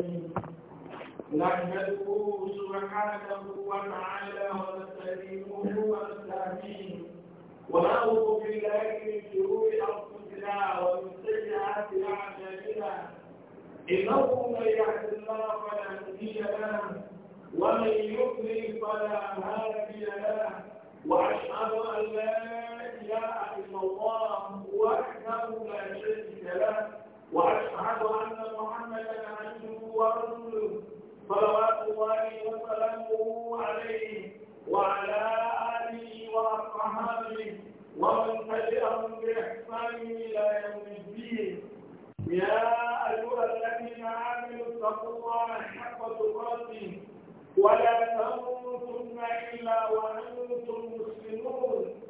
نحمده سبحانه وتعالى ونستعينه ونستهديه ونعوذ بالله من شرور انفسنا ومن سيئات اعمالنا انه من يهد الله فلا مضل له ومن يضلل فلا هادي له واشهد ان لا اله الا الله وحده لا شريك له وأشهد أن محمدا عبده ورسوله صلوات الله وسلامه عليه وعلى آله وأصحابه ومن تبعهم بإحسان إلى يوم الدين يا أيها الذين آمنوا اتقوا الله حق تقاته ولا تموتن إلا وأنتم مسلمون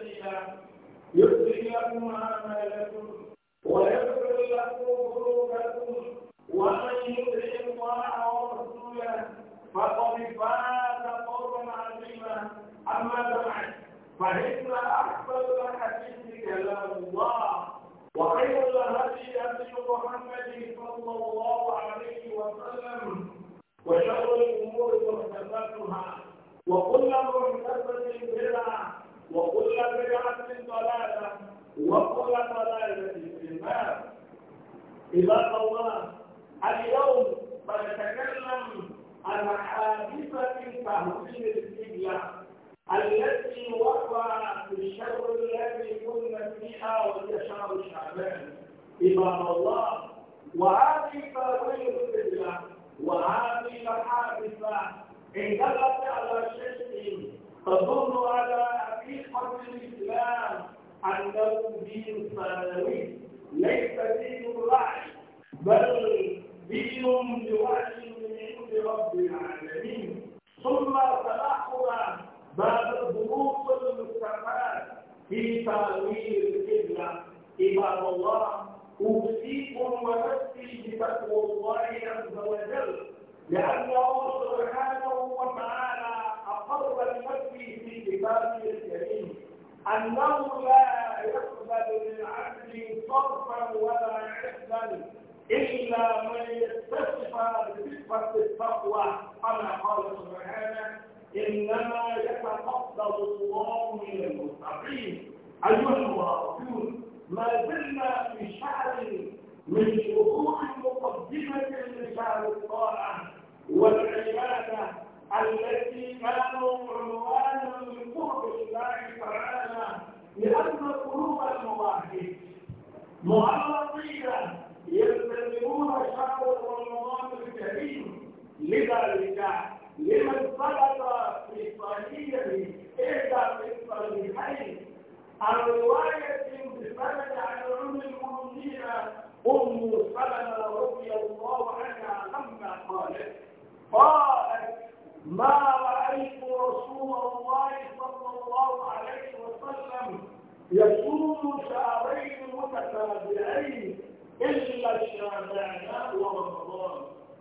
الذين يصلح لكم أعمالكم ويغفر لكم ذنوبكم ومن يدعي الله ورسوله فقد فاز قوما عظيما أما بعد فإن أحسن الحديث كلام الله وخير الهدي هدي محمد صلى الله عليه وسلم وشر الأمور محدثاتها وكل محدثة بدعة وكل بدعة ضلالة وكل ضلالة في النار عباد الله اليوم بنتكلم عن حادثة تهويل القبلة التي وقع في الشر الذي كنا فيها وهي شهر شعبان عباد الله وهذه تهويل القبلة وهذه الحادثة انقلبت على شيء تدل على حقيقة الإسلام أنه دين ثانوي ليس دين الوحي بل دين لوحي من عند رب العالمين ثم تلاحظ بعد الظروف المستفاد في تأويل القبلة عباد الله أوصيكم ونفسي بتقوى الله عز وجل لأنه سبحانه وتعالى أقر المسجد كتابه الكريم أنه لا يقبل للعبد صرفا ولا عفوا إلا من يتصف بصفة التقوى كما قال سبحانه إنما يتقبل الله من المتقين أيها المراقبون ما زلنا في شهر من شروط مقدمة لشهر الطاعة والعبادة التي كانوا عنوانا من قرب الله تعالى لأن قلوب المواهب معرضين يلتزمون شهر رمضان الكريم لذلك لمن سقط في صحيحه إحدى الصحيحين عن رواية بسند عن أم المؤمنين أم سلمة رضي الله عنها لما قالت قالت ما رأيت رسول الله صلى الله عليه وسلم يصوم شهرين متتابعين إلا الشهداء ورمضان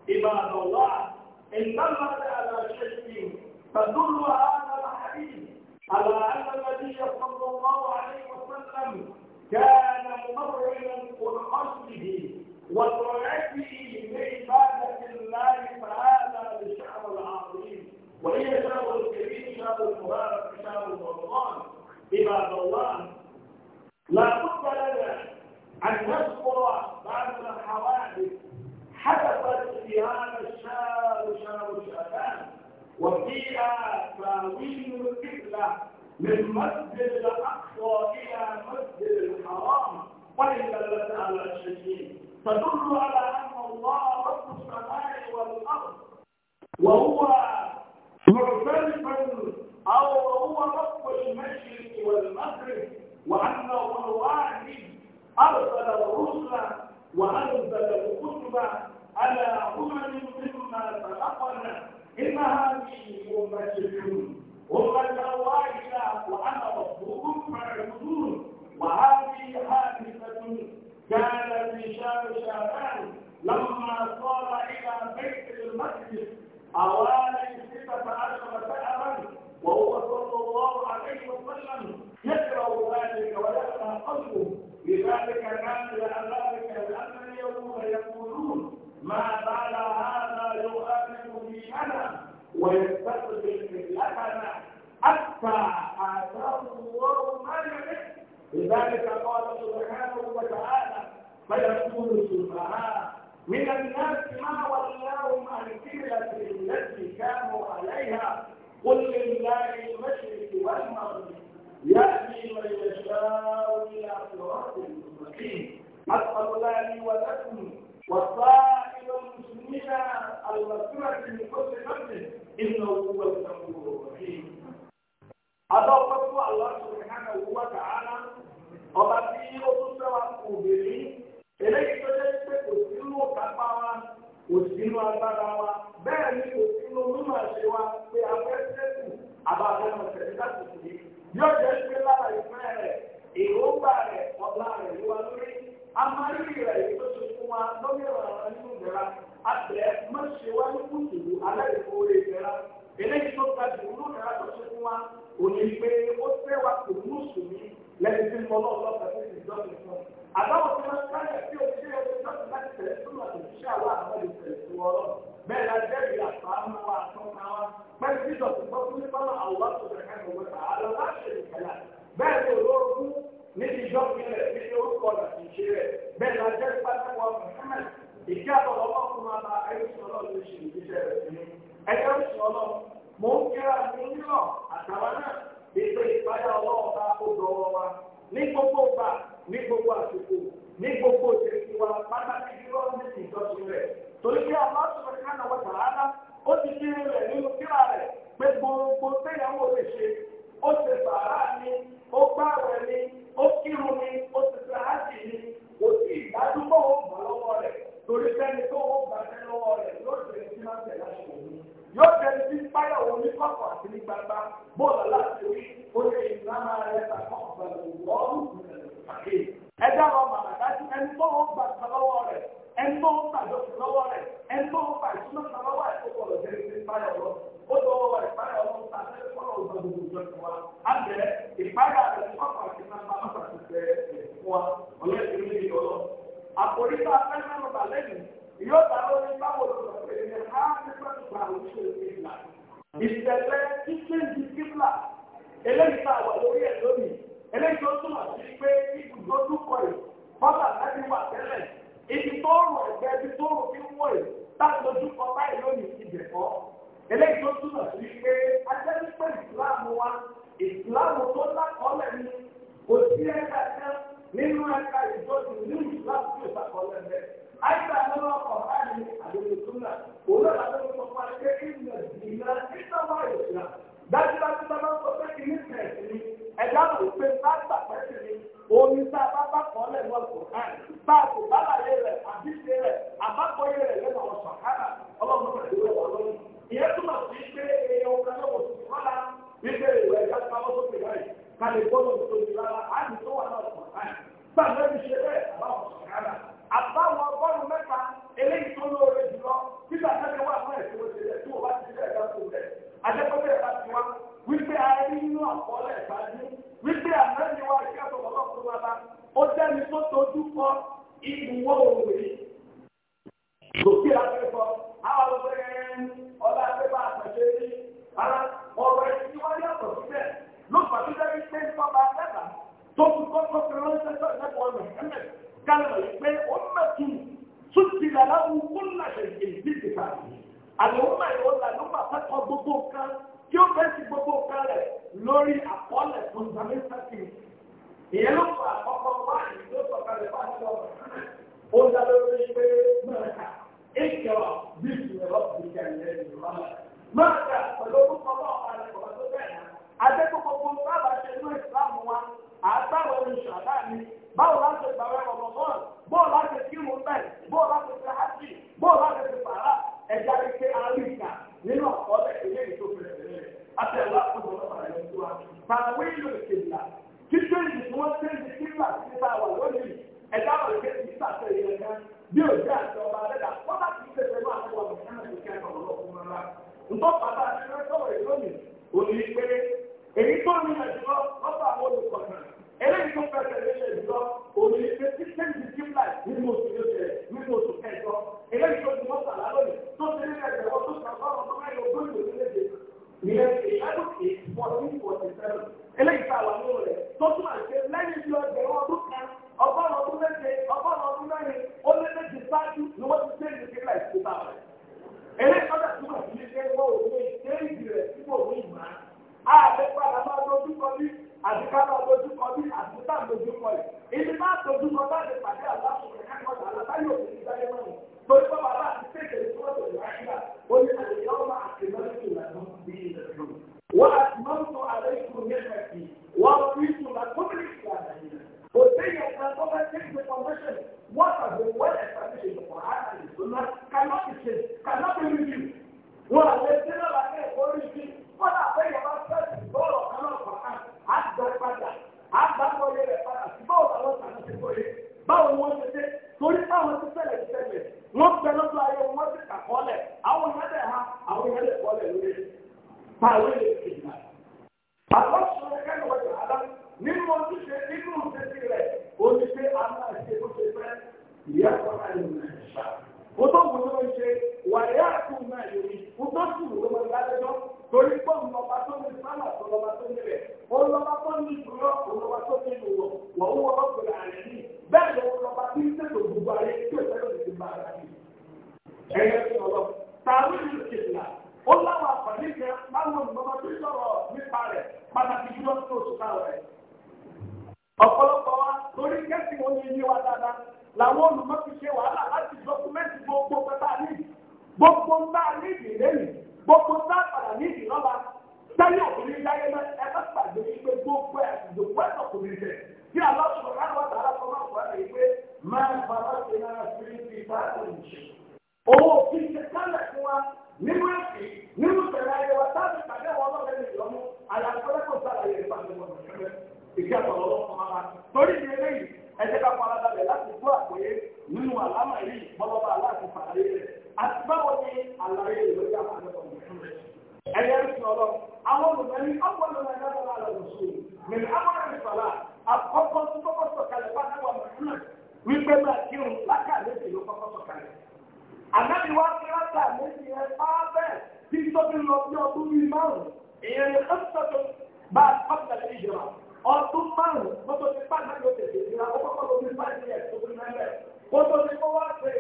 عباد الله انما على شيء تدل هذا الحديث على أن النبي صلى الله عليه وسلم كان ممرنا قل قلبه وطاعته لعبادة الله تعالى وهي كتاب الكريم كتاب المبارك كتاب القرآن عباد الله لا بد لنا أن نذكر بعض الحوادث حدثت في هذا الشهر شهر شعبان وفيها تاويل القبلة من مسجد الأقصى إلى مسجد الحرام ولله تعالى الشديد تدل على أن الله رب السماء والأرض وهو مختلفا أو هو رب المشرق والمغرب وأنه الواحد أرسل الرسل وأنزل الكتب على أمم مما خلقنا إن هذه أمتكم أمة واحدة وأنا ربكم فاعبدون وهذه حادثة كانت في شهر شعبان لما صار إلى بيت المقدس أراد òní pé ó fẹ́ wa kò mú sùnmí lẹ́ni tí mo lọ lọ́sẹ̀ tó ti jọ́ mi fún. àbáwọ̀ tí wọ́n káyọ̀ tí o ṣe ẹ̀rọ ìjọba láti tẹ̀lé fún àtẹ̀jíṣẹ́ àwọn àwọn ìṣẹ̀lẹ̀ tó wọ́ lọ. bẹ́ẹ̀ la jẹ́rìí àfààmù wa àtọ́ka wa pẹ̀lú jíjọ tó gbọ́ fún nípa náà àwọn tó tẹ̀ ká ìwé ta àlọ́ láṣẹ ìkẹlà bẹ́ẹ̀ ni olóògùn níbi ìjọ ìpínlẹ̀ níbi orúkọ láti ṣe rẹ̀ bẹ́ẹ̀ la jẹ́rìí pátákó ìjẹ́ àbọ̀lọ́wọ́ fún wa bá ẹni sọ̀rọ̀ ló ṣe ìgbésẹ̀ rẹ̀ sí ẹgbẹ́ òṣìṣẹ́ ọlọ́run mo ń kíra níyàn àtàwọn náà ètò ìpáyà ọlọ́run bá kó dọ̀wọ́ wa ní gbogbo gbà ní gbogbo àsìkò ní gbogbo ìṣèlú wa pàtàkì ìrọ̀ ní ìjọsìn rẹ̀ torí pé àwọn sọ̀rọ̀ wọn tààlà ó ti fi rẹ̀ nínú kíra rẹ̀ pé gbogbo téèyàn wò lè ṣe ó ti sàárà ni ó gbààwẹ̀ ni ó kírun ni ó ti fi ájì ni kò sí ìdádúgbò ó gbà lọ́wọ́ rẹ̀ torí pẹ́ni tó ó gbà lọ́wọ́ rẹ̀ yóò ṣe ìdí máa tẹ̀ láṣẹ yóò tẹ̀lé sí páyà òun ní kọ̀kọ̀ àti ní gbangba bóòlù aláṣẹ orí orí ìlànà rẹ̀ tàkọ̀ ọ̀gbẹ̀rẹ̀ òwúrọ̀ ẹ̀dá wọn bàbá dájú ẹni tó ń gbà lọ́wọ́ rẹ̀ ẹni tó ń gbà lọ́wọ́ rẹ̀ ẹni tó ń gbà ìṣúná lọ́wọ́ rẹ̀ tó kọ̀ọ̀lọ̀ tẹ̀lé sí páyà òun ó lọ́wọ́ wa ìpáyà òun tàbí kọ́lọ̀ òun gbàgbọ́ wa á bẹ̀rẹ̀ ìpáyà rẹ̀ kọ̀kọ̀ àti nàbà má bàtà tẹ̀ fún wa ọlọ́ọ̀ yóò bá wọn ní báwo ló ń pè ní ha nípa ìgbà òṣù ìgbà ìṣẹ̀lẹ̀ kíkéjì kíbla eléyìí tá a wà lórí ẹ̀ lónìí eléyìí tó túmọ̀ sí pé ibùdó dúkọ̀ yìí bọ́tà láti wà tẹ́lẹ̀ ibi tó rò ẹ̀gbẹ́ ibi tó rò fi ń wọ̀ yìí táwọn dúkọ báyìí lónìí ti bẹ̀ kọ́ eléyìí tó túmọ̀ sí pé ajẹ́sípẹ́ ìsìláàmù wa ìsìláàmù tó lákọ́lẹ̀ ni kò sí ẹ̀ka kan nínú ẹ̀ka ìjọsìn nínú ìsìláàmù tó ìsàkọ́lẹ̀ bẹ́ẹ̀ àyíká lọ́wọ́ ọkọ̀ láàyè àlejò tó náà òun náà lábẹ́ ló sọ fún wa pé ìmọ̀ ìlà ìsọ́wọ́ ìlà dájúdájú bá máa ń sọ pé kìíní tẹ̀sí ni ẹ̀dá rò pé bá gbà pẹ́sì ni omi tá a bá bá kọ́ lẹ̀ wọ́n kò hàn tá a kò bá láyé rẹ̀ àbíṣe rẹ̀ àbákọ́yé rẹ̀ lẹ́nu àwọn sọ̀kárà ọlọ́run náà lè wọ̀ lọ́wọ́ ìyẹn túmọ̀ sí pé èèyàn kan náà tó bá wọ́n tó àbáwọn ọgọ́rùn mẹ́ta eléyìí tó lóore jùlọ nígbà tẹ́lẹ̀ wà fún ẹ̀sìn oṣù rẹ̀ tí wọ́n bá ti ṣe ẹ̀dá tó rẹ̀ àjẹpẹ́tẹ́ ẹ̀ka ti wá wípé a rí inú àkọọ́lẹ̀ ìbájú wípé àmẹ́ni wa ìkẹ́tọ̀ lọ́kùnrin wa bá ó dẹ́ni tó tojú kọ ìbùwọ́ òwe lòkè àfẹ́ àbẹ̀wò máa yọ ọ́ là ló máa fẹ́ kọ́ gbogbo Thank you. Kó tó ní kó wá ṣe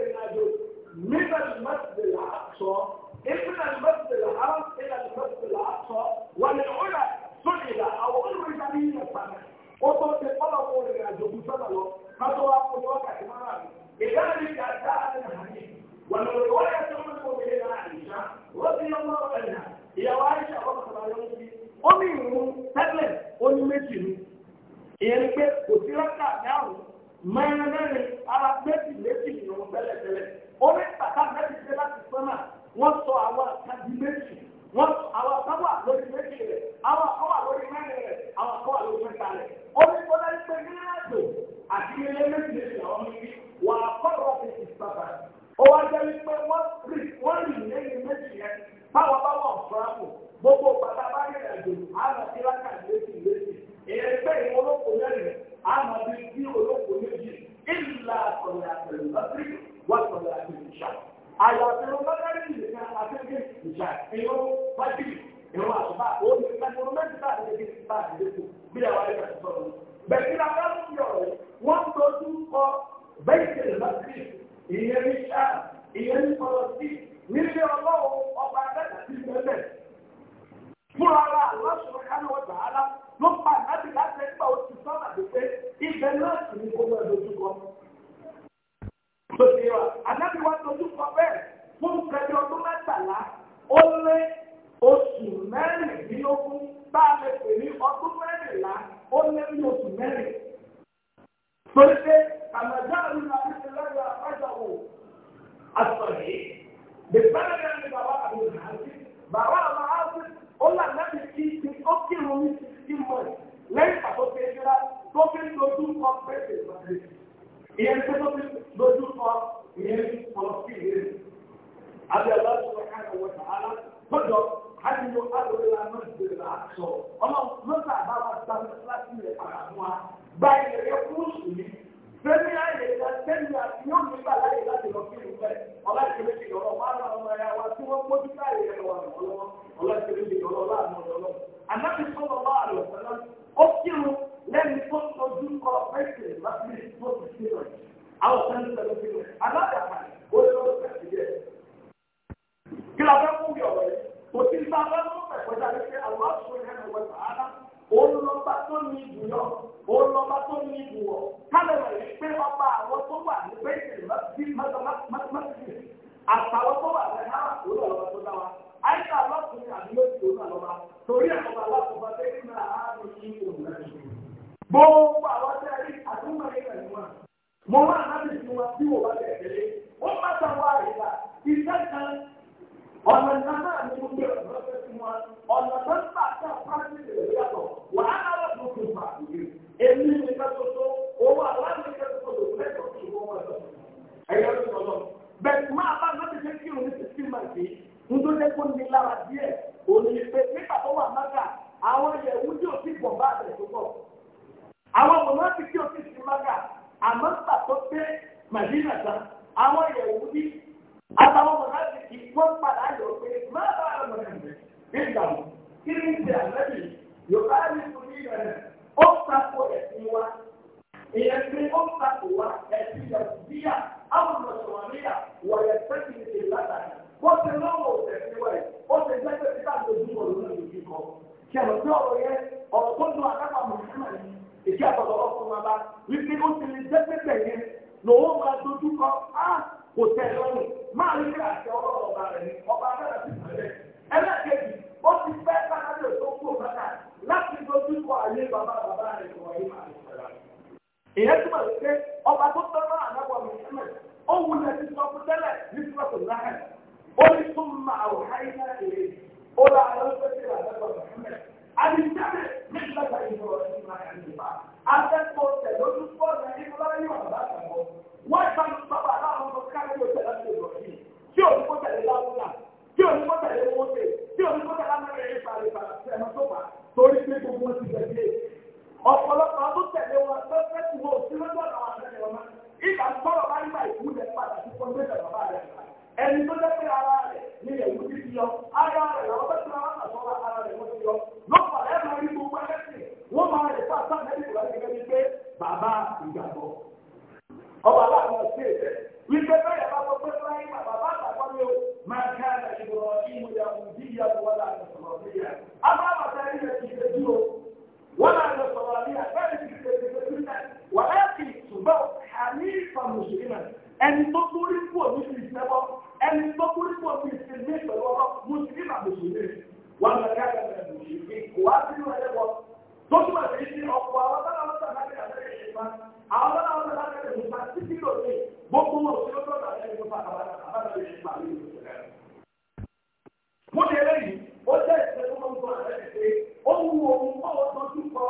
tá a bá mú pẹ̀pẹ́ jáde pé àwọn àṣùwọ̀n yẹn lọ́wọ́ sàárà olùlọ́ba tó ní ìbùyọ̀ olùlọ́ba tó ní ìbùwọ̀ kálẹ̀ rẹ̀ yìí pé ọba àwọn tó wà ní bẹ́ẹ̀ àtàwọn tó wà wípé ó ti lè jẹ́ pẹ́pẹ́ yẹn lòun máa dojú kọ á ah, kò tẹ̀ lọ́rùn máa rí àṣẹ ní ìfàmùsùn náà ẹni tó kúrí pọ̀ ní ìsìnẹ́bọ̀ ẹni tó kúrí pọ̀ ní ìsìnẹ́ pẹ̀lú ọkọ̀ mùsùlùmí màmùsùn náà wà lọ́dẹ́ àgbàdo mùsùlùmí kò wá sí ìwà ẹ̀bọ̀ tó túmọ̀ sí sí ọ̀pọ̀ àwọn tó náà wọ́n tàbí àbẹ́rẹ́ ìṣèpá àwọn tó náà wọ́n tàbí àbẹ́rẹ́ ìṣèpá títí lòdì gbogbo wọn òṣèlú tó tàbí ìṣèpá àbájáde ìṣèpá lè mo ní eléyìí ó jẹ́ ìṣẹ́ tó máa ń gbọ́ àrẹ́ ti pé ó wu òun kọ́ ọ́ dojú kọ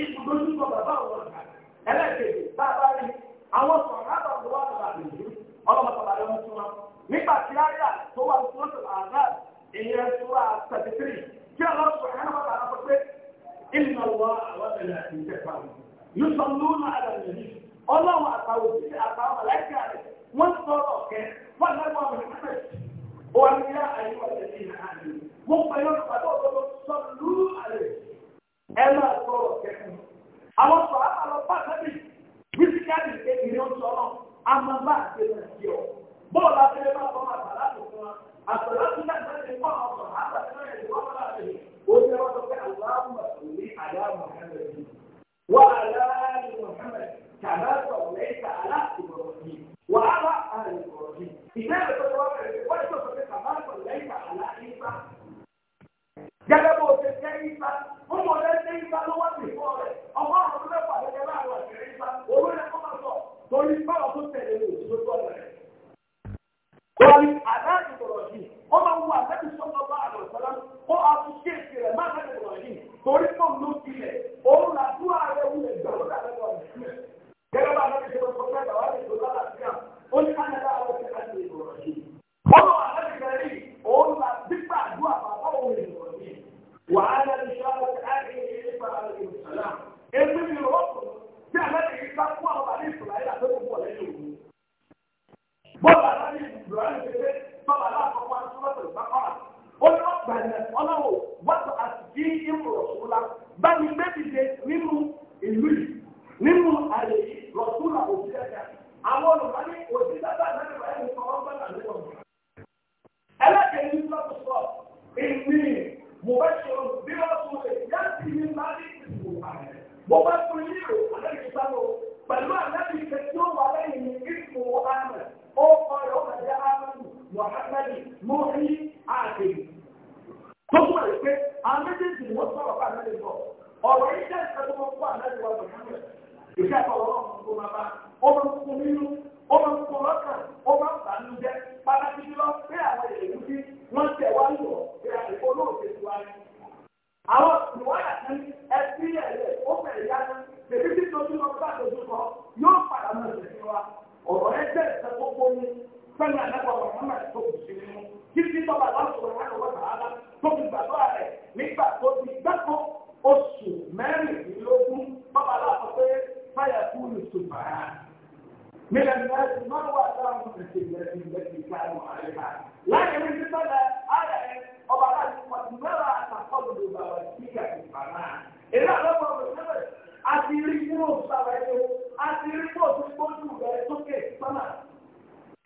ibùdójú kọ bàbá àwọn ọ̀gá ẹlẹ́gbẹ̀ẹ́ bá a bá rí i àwọn sọ̀rọ̀ àgbà tó wà lọ́la nìyí ọlọ́mọ sọ̀rọ̀ àyọ̀ ń túmọ̀ nígbà tí àyà tó wà lọ́sọ̀ àgbà ìyẹn sura thirty three kí ọlọ́sọ̀ ẹ̀hán wà lára pé ìnà wà àwọn ẹ̀yà ìjẹ́ fà mí. yusuf luna alamiri ọlọ́run àtàwọn òbí àtàwọn aláìsíà rẹ̀ wọ́n sọ̀rọ̀ ọ̀kẹ́ wọ́n lẹ́gbọ́n mi wàlúùyà àyíwá tẹ̀lé ní àná. Mo pẹ̀lú ọ̀pọ̀lọpọ̀ ọ̀dọ́dọ́ sọ̀rọ̀ kẹ́kọ̀ọ́. Àwọn físíkàlì kékeré ń sọ náà a máa bá àti ẹ̀rọ sí ọ. bọ́ọ̀lù abẹ́rẹ́ máa kọ́ máa bàlá tó fún wa àtọ̀lá tó náà bá ti kọ́ ọ̀sọ̀ àtàkùn ẹ̀ ló wọ́n bá ti ó ní wọ́n àwọn méjèèjì ni wọ́n sọ̀rọ̀ fún àlẹ́ lọ ọ̀rọ̀ yìí jẹ́ ìṣẹ́ tó wọ́n fún àlẹ́ lọ lọ́sọ̀rọ̀ ìṣẹ́ tó wọ́n fún ma bá ó máa ń kó nínú ó máa ń kó lọ́kàn ó máa ń bà ń jẹ́ pàtàkì jùlọ pé àwọn èèyàn bí wọ́n tẹ̀ wá lọ pé àlùkò náà ṣe ti wá ní. àwọn ìwádà kan ẹbí ẹ̀rẹ̀ ó fẹ̀rẹ̀ yá ní bèbí tí tó dúró bá tó dúró yóò padà mọ̀ sí wa ọ̀rọ̀ ẹgbẹ́ ìṣẹ́ tó kó ní pẹ̀lú títí tọ́ba lọ́sọ̀rọ̀ wọn lọ́wọ́ sàrà tó fi gbàdúrà rẹ̀ nígbà tó ti gbàgbọ́ oṣù mẹ́rìndínlógún tọ́ba lọ́wọ́ sọ pé fáyà kú ní ṣùgbọ́n mílẹ̀ nígbà tí wọ́n wà láwọn ọmọ ìṣèlú ẹ̀sìn ìgbẹ́sìn ìkáàrọ̀ àríwá láyé ní sísọ́lẹ̀ ara ẹ̀ ọba láti pàtó mẹ́wàá àtàkọ́lù ló bá ìgbà ìgbàlá. èlé àlọ́mọ òṣèlú àti rí fún òṣù àti rí fún òṣù gbójú rẹ̀ sókè sọ́nà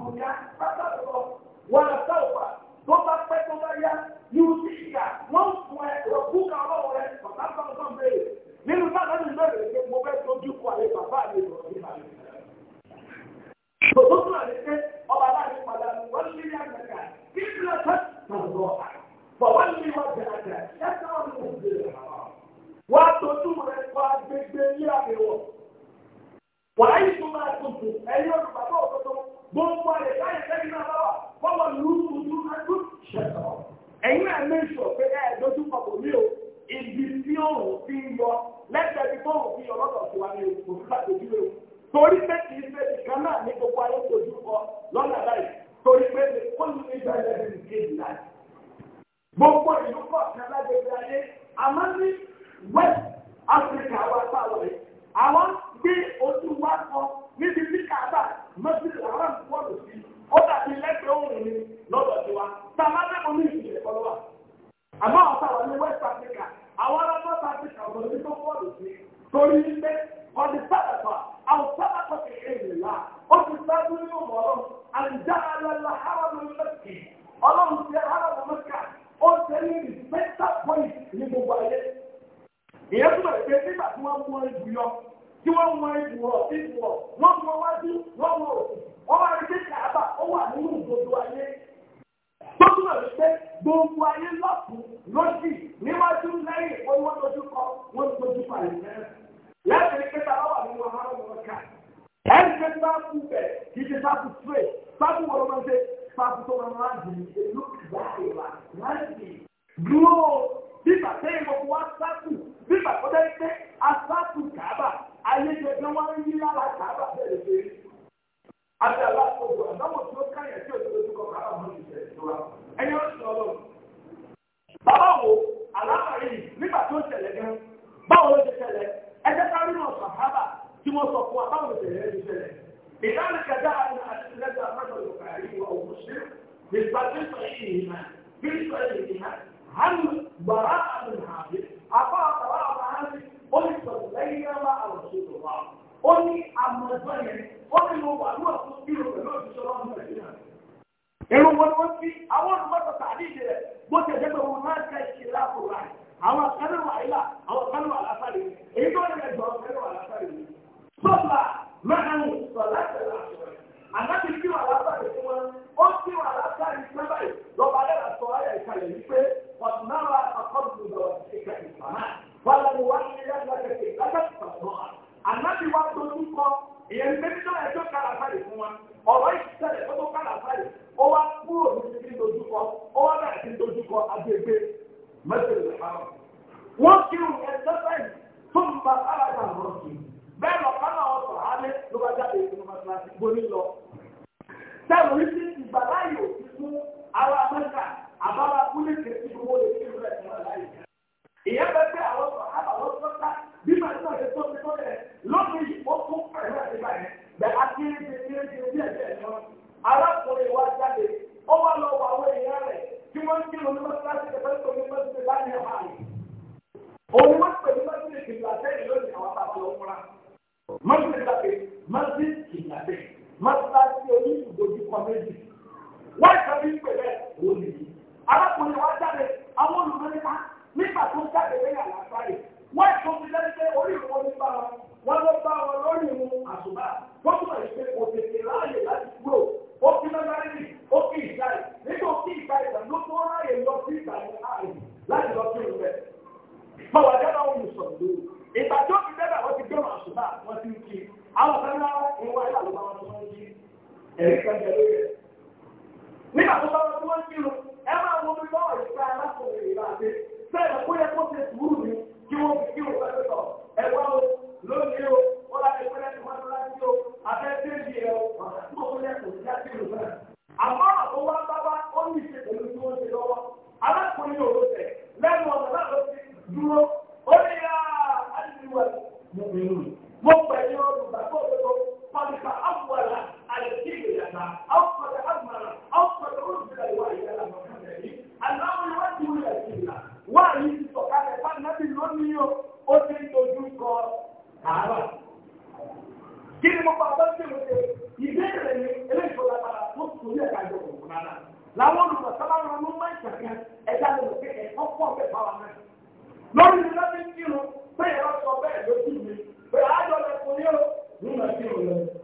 àbùdá pápá òkú. gbádùn ní ọmọ ọlọ́run àlùjá alẹ́lá haramu mẹ́kì ọlọ́run ti haramu mẹ́kà ó ṣe point ní gbogbo ayé. ìyẹn túmọ̀ pé nígbà tí wọ́n mú ẹbù yọ tí wọ́n mú ẹbù ọ̀ ẹbù ọ̀ wọ́n mú wájú wọ́n mú wà nínú gbogbo ẹnìkan bá kú bẹ̀ kì í ṣe sáàpù straight sáàpù wọ́n máa ń ṣe sáàpù tó máa ń rájì ní ìlú ìgbàlèwà rájì dúró bíbà sẹ́yìn gbogbo wa sáàpù bíbà tó dé pé asáàpù kàábà ayélujára wọn ń yí lára kàábà bẹ̀rẹ̀ pé àti alákòóso àdáwọ̀ tí tí wọ́n sọ fún wa báwo lè rí ṣẹlẹ̀. ìdáni kẹta àwọn àti lẹ́gbẹ̀ẹ́ àmọ́tò ìkàrí ọ̀hún ṣe nípa tí sọ yìí ìhìnà bí sọ yìí ìhìnà hàn gbàrà àmì hàbí àbá àbá àbá hàbí ó ní sọ̀rọ̀ lẹ́yìn yàrá àwọn ṣe tó wà. ó ní àmọ̀tọ́ yẹn ó ní pẹ̀lú òṣìṣẹ́ wọn ní nàìjíríà. èrò àwọn olùmọ̀tò tàbí jáde lẹ́yìn àlàáfáì wọ́n èso ti lẹ́yìn pé orí ìwọ́n ti bá wọn wọ́n ló bá wọn lórí ìmú àṣùbà tó túmọ̀ ìṣe kò Lord.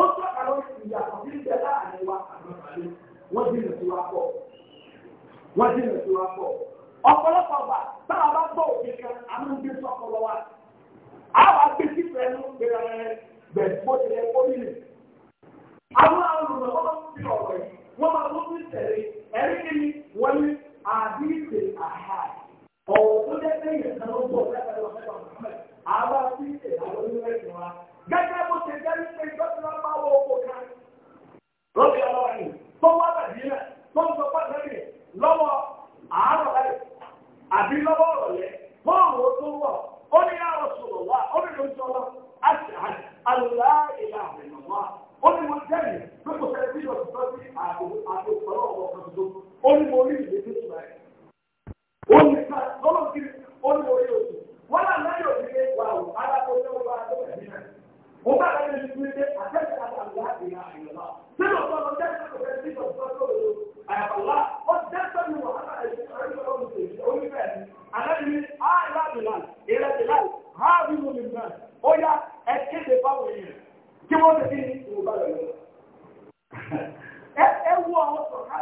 ó tọ́ka lórí ìyàtọ̀ tí ń bẹ láàrin wa àgbàgbàlẹ̀ wọ́n dínà sí wa pọ̀ wọ́n dínà sí wa pọ̀ ọ̀pọ̀lọpọ̀ ọgbà tá a bá gbọ́ òkè kan amúgbé sọ́kọlọ wa a wá gbé sífẹ̀ẹ́ ló ń bẹ̀rẹ̀ bẹ̀rẹ̀ bó tilẹ̀ kó nílẹ̀ àwọn àrùn ọ̀rọ̀ wọn fi ọ̀rọ̀ yìí wọ́n máa ló fi tẹ̀lé ẹ̀rí kìíní wọ́n ní àdíìsè àhà ọ̀rọ̀ tó dẹ́ gẹ́gẹ́ bó ṣe jẹ́ wípé ìjọba máa wọ oko kan lórí ọlọ́wà ni tó wá bàjẹ́ náà tó ń sọ pàṣẹ rẹ̀ lọ́wọ́ àárọ̀ rẹ̀ àbí lọ́wọ́ ọ̀rọ̀lẹ́ bọ́ọ̀lù tó wọ̀ ó ní àwọn sọ̀rọ̀ wá ó ní ló ń sọ lọ àti àlùlá ìlà àbẹ̀nà wá ó ní mo jẹ́rìí pé kò sẹ́ni bí ìjọba tó ti àbò àbò pẹ̀lú ọ̀wọ́ kan tó ó ní mo rí ìdè tó tùbà rẹ̀ ó mo bá àlàyé ní kúrẹ́ dé àtẹ́sẹ̀ àti àlùyá ìyá àyọ̀lá sínú ọ̀pọ̀ ọ̀pọ̀ jẹ́sẹ̀ kò fẹ́ sí ọ̀pọ̀ tó lò àyàbàlá ó jẹ́sẹ̀ mi wà á Ẹ wo àwọn sọ̀rọ̀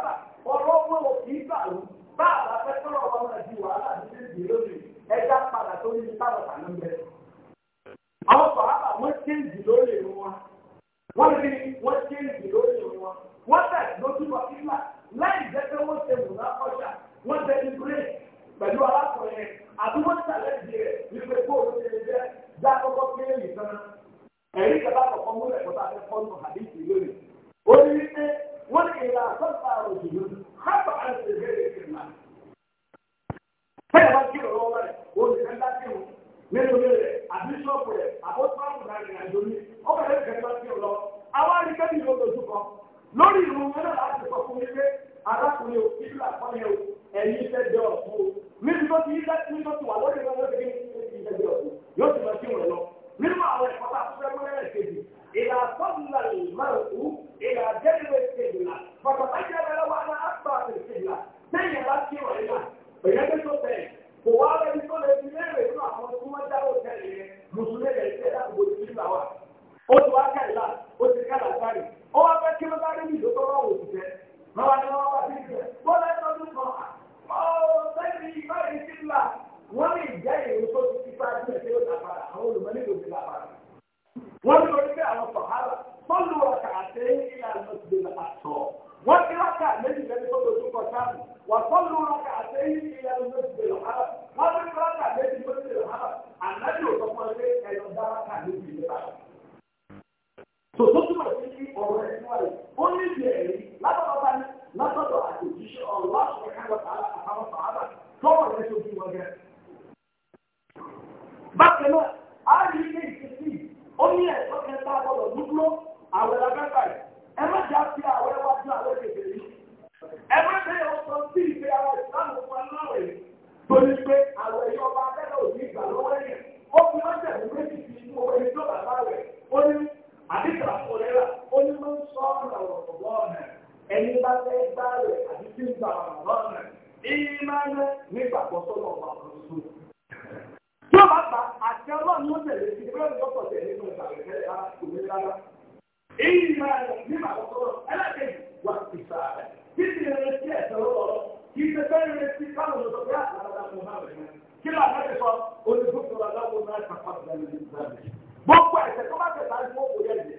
gbogbo ẹ̀ṣẹ̀ tó bá tẹ̀ láti mọ́ òkú yẹn jẹ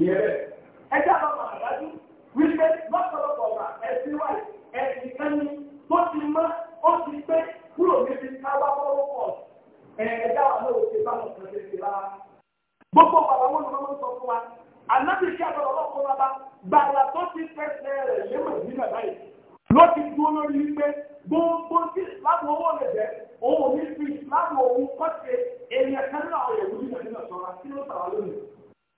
ìyẹn rẹ̀ ẹjẹ́ àwọn ọmọ àdájú wípé lọ́pọ̀lọpọ̀ ọ̀gá ẹ̀sìn wáyé ẹ̀sìn kẹ́ni tó ti mọ́ ó ti pé kúrò níbi káwá fọ́lọ́pọ̀ ẹ̀ẹ́dá wà lóò ṣe bá lọ́pọ̀ ṣe ṣe lára gbogbo bàbá wọn ni wọn máa ń sọ fún wa ànábì kí àtọ̀ lọ́pọ̀ bàbá gbàgbà tó ti fẹsẹ̀ rẹ̀ lé gbogbo tí láti owó rẹ̀ jẹ́ òun ò ní fi láti òun kọ́ṣe ènìyàn kan náà ọ̀rẹ́ ìwúrí náà nínú ọ̀sán àti ló tàwa lónìí.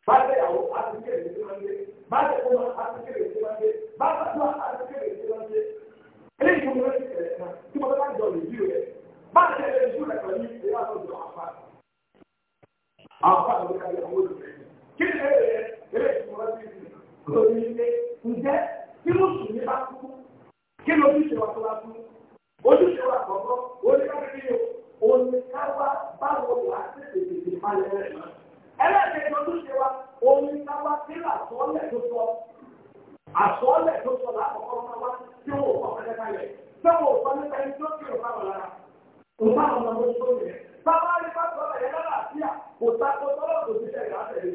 Bájẹ́ ìyàwó àtikèrè tí wọ́n dé, bájẹ́ kọ́mọ àtikèrè tí wọ́n dé, bájẹ́ tó àtikèrè tí wọ́n dé. Eléyìí tó ń rẹ́ sí ẹ̀rẹ̀ kan tí mo bá bá jọ lèjú rẹ̀. Bájẹ́ ẹ̀rẹ̀ ìjú rẹ̀ pẹ̀lú ìyá àtọ̀jọ àfa. Àfa ló ká ìyàwó rẹ̀. Kí ni ẹ̀rẹ̀ rẹ̀? Eléyìí tó ń rẹ́ sí ẹ̀rẹ̀ Kò ní ilé ǹjẹ́ tí mo sùn ní bá kú kí ló ní ìṣèwà tó Olùsọ̀rọ̀ àkọ́kọ́, oníkàkiri o, oníkàwá báwo wà á tètè tètè palẹ̀ rẹ̀ mọ́. Ẹlẹ́ẹ̀kejì ojúṣe wa, oníkàwá kílà àsọ́ọ́lẹ̀ tó sọ. Àsọ́ọ́lẹ̀ tó sọ lákọ̀ọ́kọ́ máa wá tí wọ́n kọ́ fẹ́lẹ́ kalẹ̀. Ṣé wọ́n kọ́ nípa ẹni tó kí òun àwọn lára? Òun àwọn ọmọ tó tó yẹ. Bàbá rí bá sọ̀rọ̀ yẹn lára àfíà, kò ta kó tọ́lọ̀ kò ti ṣẹ̀dá tẹ̀lé.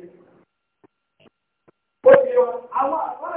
Ó ti yọ àwọn àgbà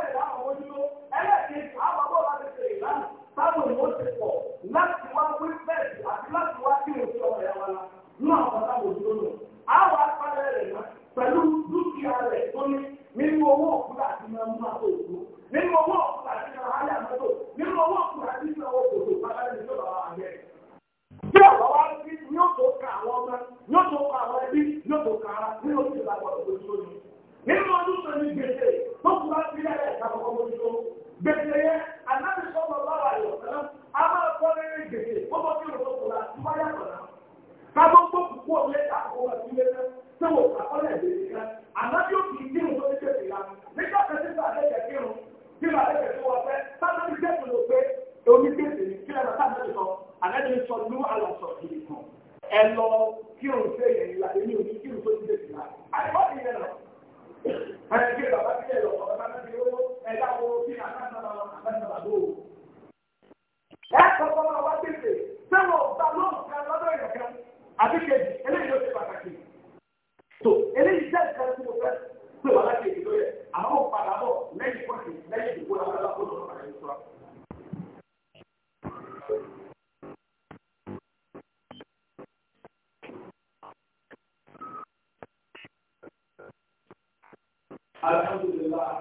الحمد لله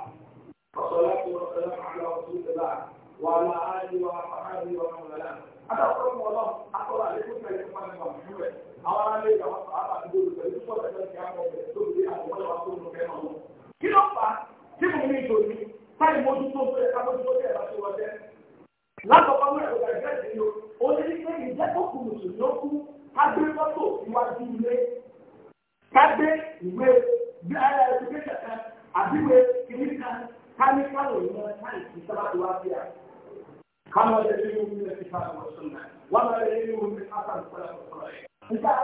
والصلاة والسلام على رسول الله وعلى آله وصحبه ومن والاه أنا أقول والله أقول عليكم كلمة من محمد أنا لي أنا أقول لكم صلى الله عليه وسلم تقول لي أنا ولا أقول لكم أنا kí ló fà á tí mo ní ìtòní táyì mojú tó fẹ́ kábọ́júmọ́ tẹ̀ bá ti wọ jẹ́ látọ̀pá mú ẹ̀rọ ẹ̀jẹ̀ sí ni o ní ní pé ìjẹ́ tó kù mùsùlùmí ó kú ká gbé mọ́tò iwájú ilé ká gbé ìwé bí ayé àti pé kìíní kan ká ní káwọ̀ ìmọ̀ láì fi sábà tó wá bí i à. káwọn ìwé mi lè fi fa àwọn sọ̀nà ìwé mi fásitì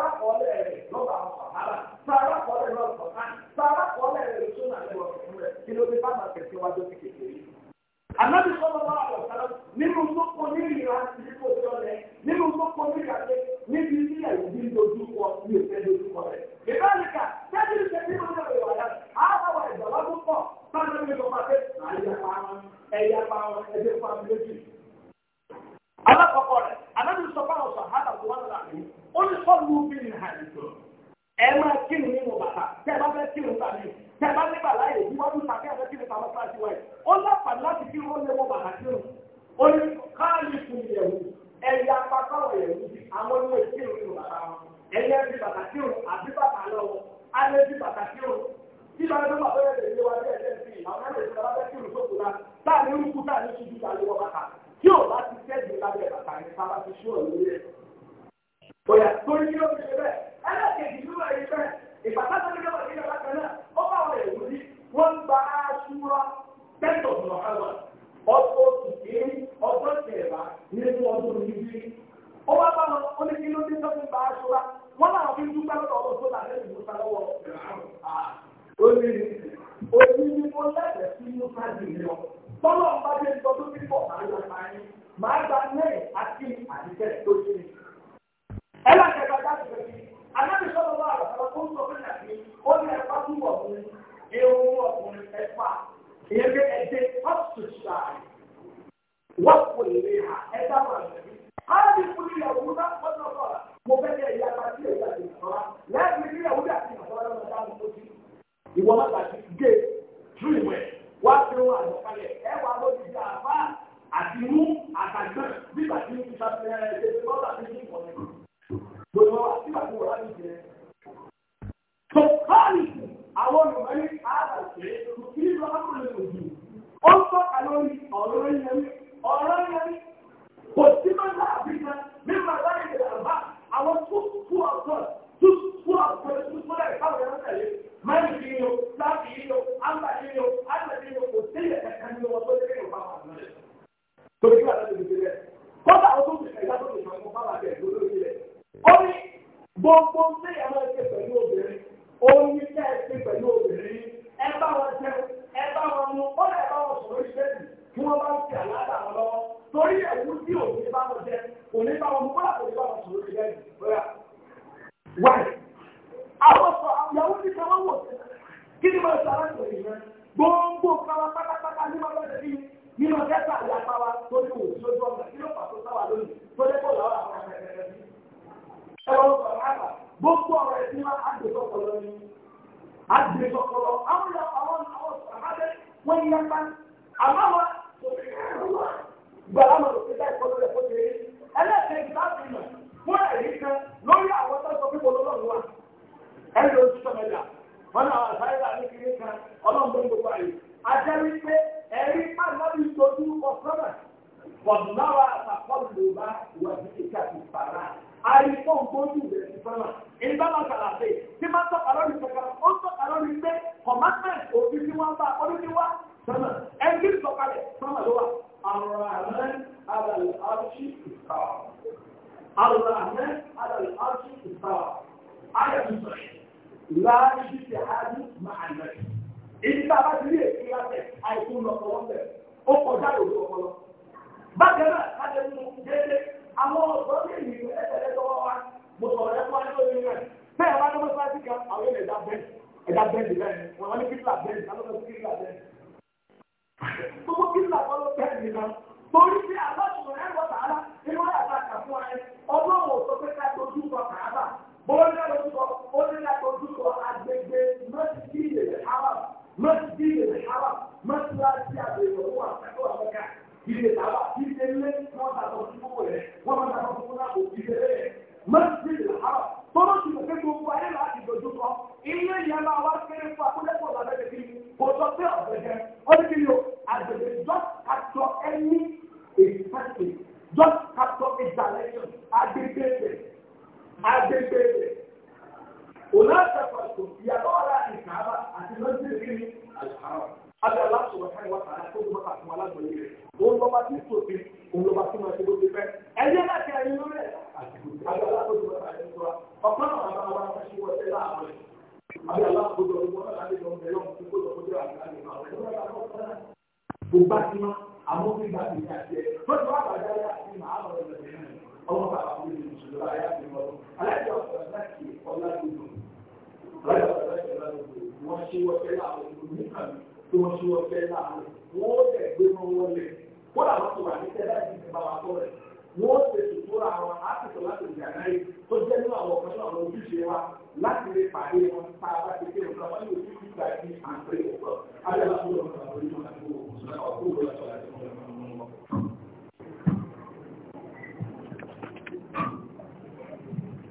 sọ́ọ̀lù bí ìhàlùkù ẹ máa kí ni nínú bàtà. wọ́n bàtà sí wọ́n yẹ pa àmọ́ wọn gbà láwọn lòdì láì fọlọ rẹ̀ fọlọ rẹ̀ ẹlẹ́sìn ìgbàgbọ́ mọ̀ fún ẹ̀rí kan lórí àwọn tó sọ pé kò lọ́wọ́ wa ẹni ló ti sọmọ ìyá wọn náà àwọn àṣàyẹ̀dá ní kiri kan ọlọ́mọdé gbogbo àyè ajẹ́ wípé ẹ̀rí pàdánù ìtọ́jú ọ̀sọ́nà wọ̀dùnmáwá àtàkọ́ lòlá wà ní ìkàtúfàrà àyíkọ́ gbójú rẹ̀ ti fẹ́ràn èyí bá bá kàlàfé tí máa tọ́ka lórí kẹkẹ ó tọ́ka lórí pé commitment òbí tí wọ́n bá ọdún tí wá sọ́nà ẹgbẹ́ ìtọ́kalẹ̀ sọ́nà ló wà. Àrùn-àmẹ́ àdàlù àrùsí ìta. Àrùn-àmẹ́ àdàlù àrùsí ìta. Ayọ̀ ti sọ̀rọ̀. Láàrín sí ti àárín mo sọ̀rọ̀ ẹ̀ fún ẹjọ́ ìrìn rẹ̀ bẹ́ẹ̀ wá ní mọ́sálásí kan àwọn èèyàn ẹ̀dá bẹ́ẹ̀ ẹ̀dá bẹ́ẹ̀ lẹ́ wọn ní kíkìlà bẹ́ẹ̀ alọ́dọ̀ kíkìlà bẹ́ẹ̀. gbogbo kíkìlà kọ́ ló bẹ́ẹ̀ nìkan torí pé aláṣọ ẹ̀ wọ́n tààlà inú ẹ̀ àtàkà fún ẹ ọlọ́run ò sọ pé ká dojú kọ kàábà bó ń dá dojú kọ ó ní ká dojú kọ agbègbè mọ́tìdì ìlẹ̀ hàwà mọ́tìdì ìlẹ̀ hàwà mọ́tìdì Africa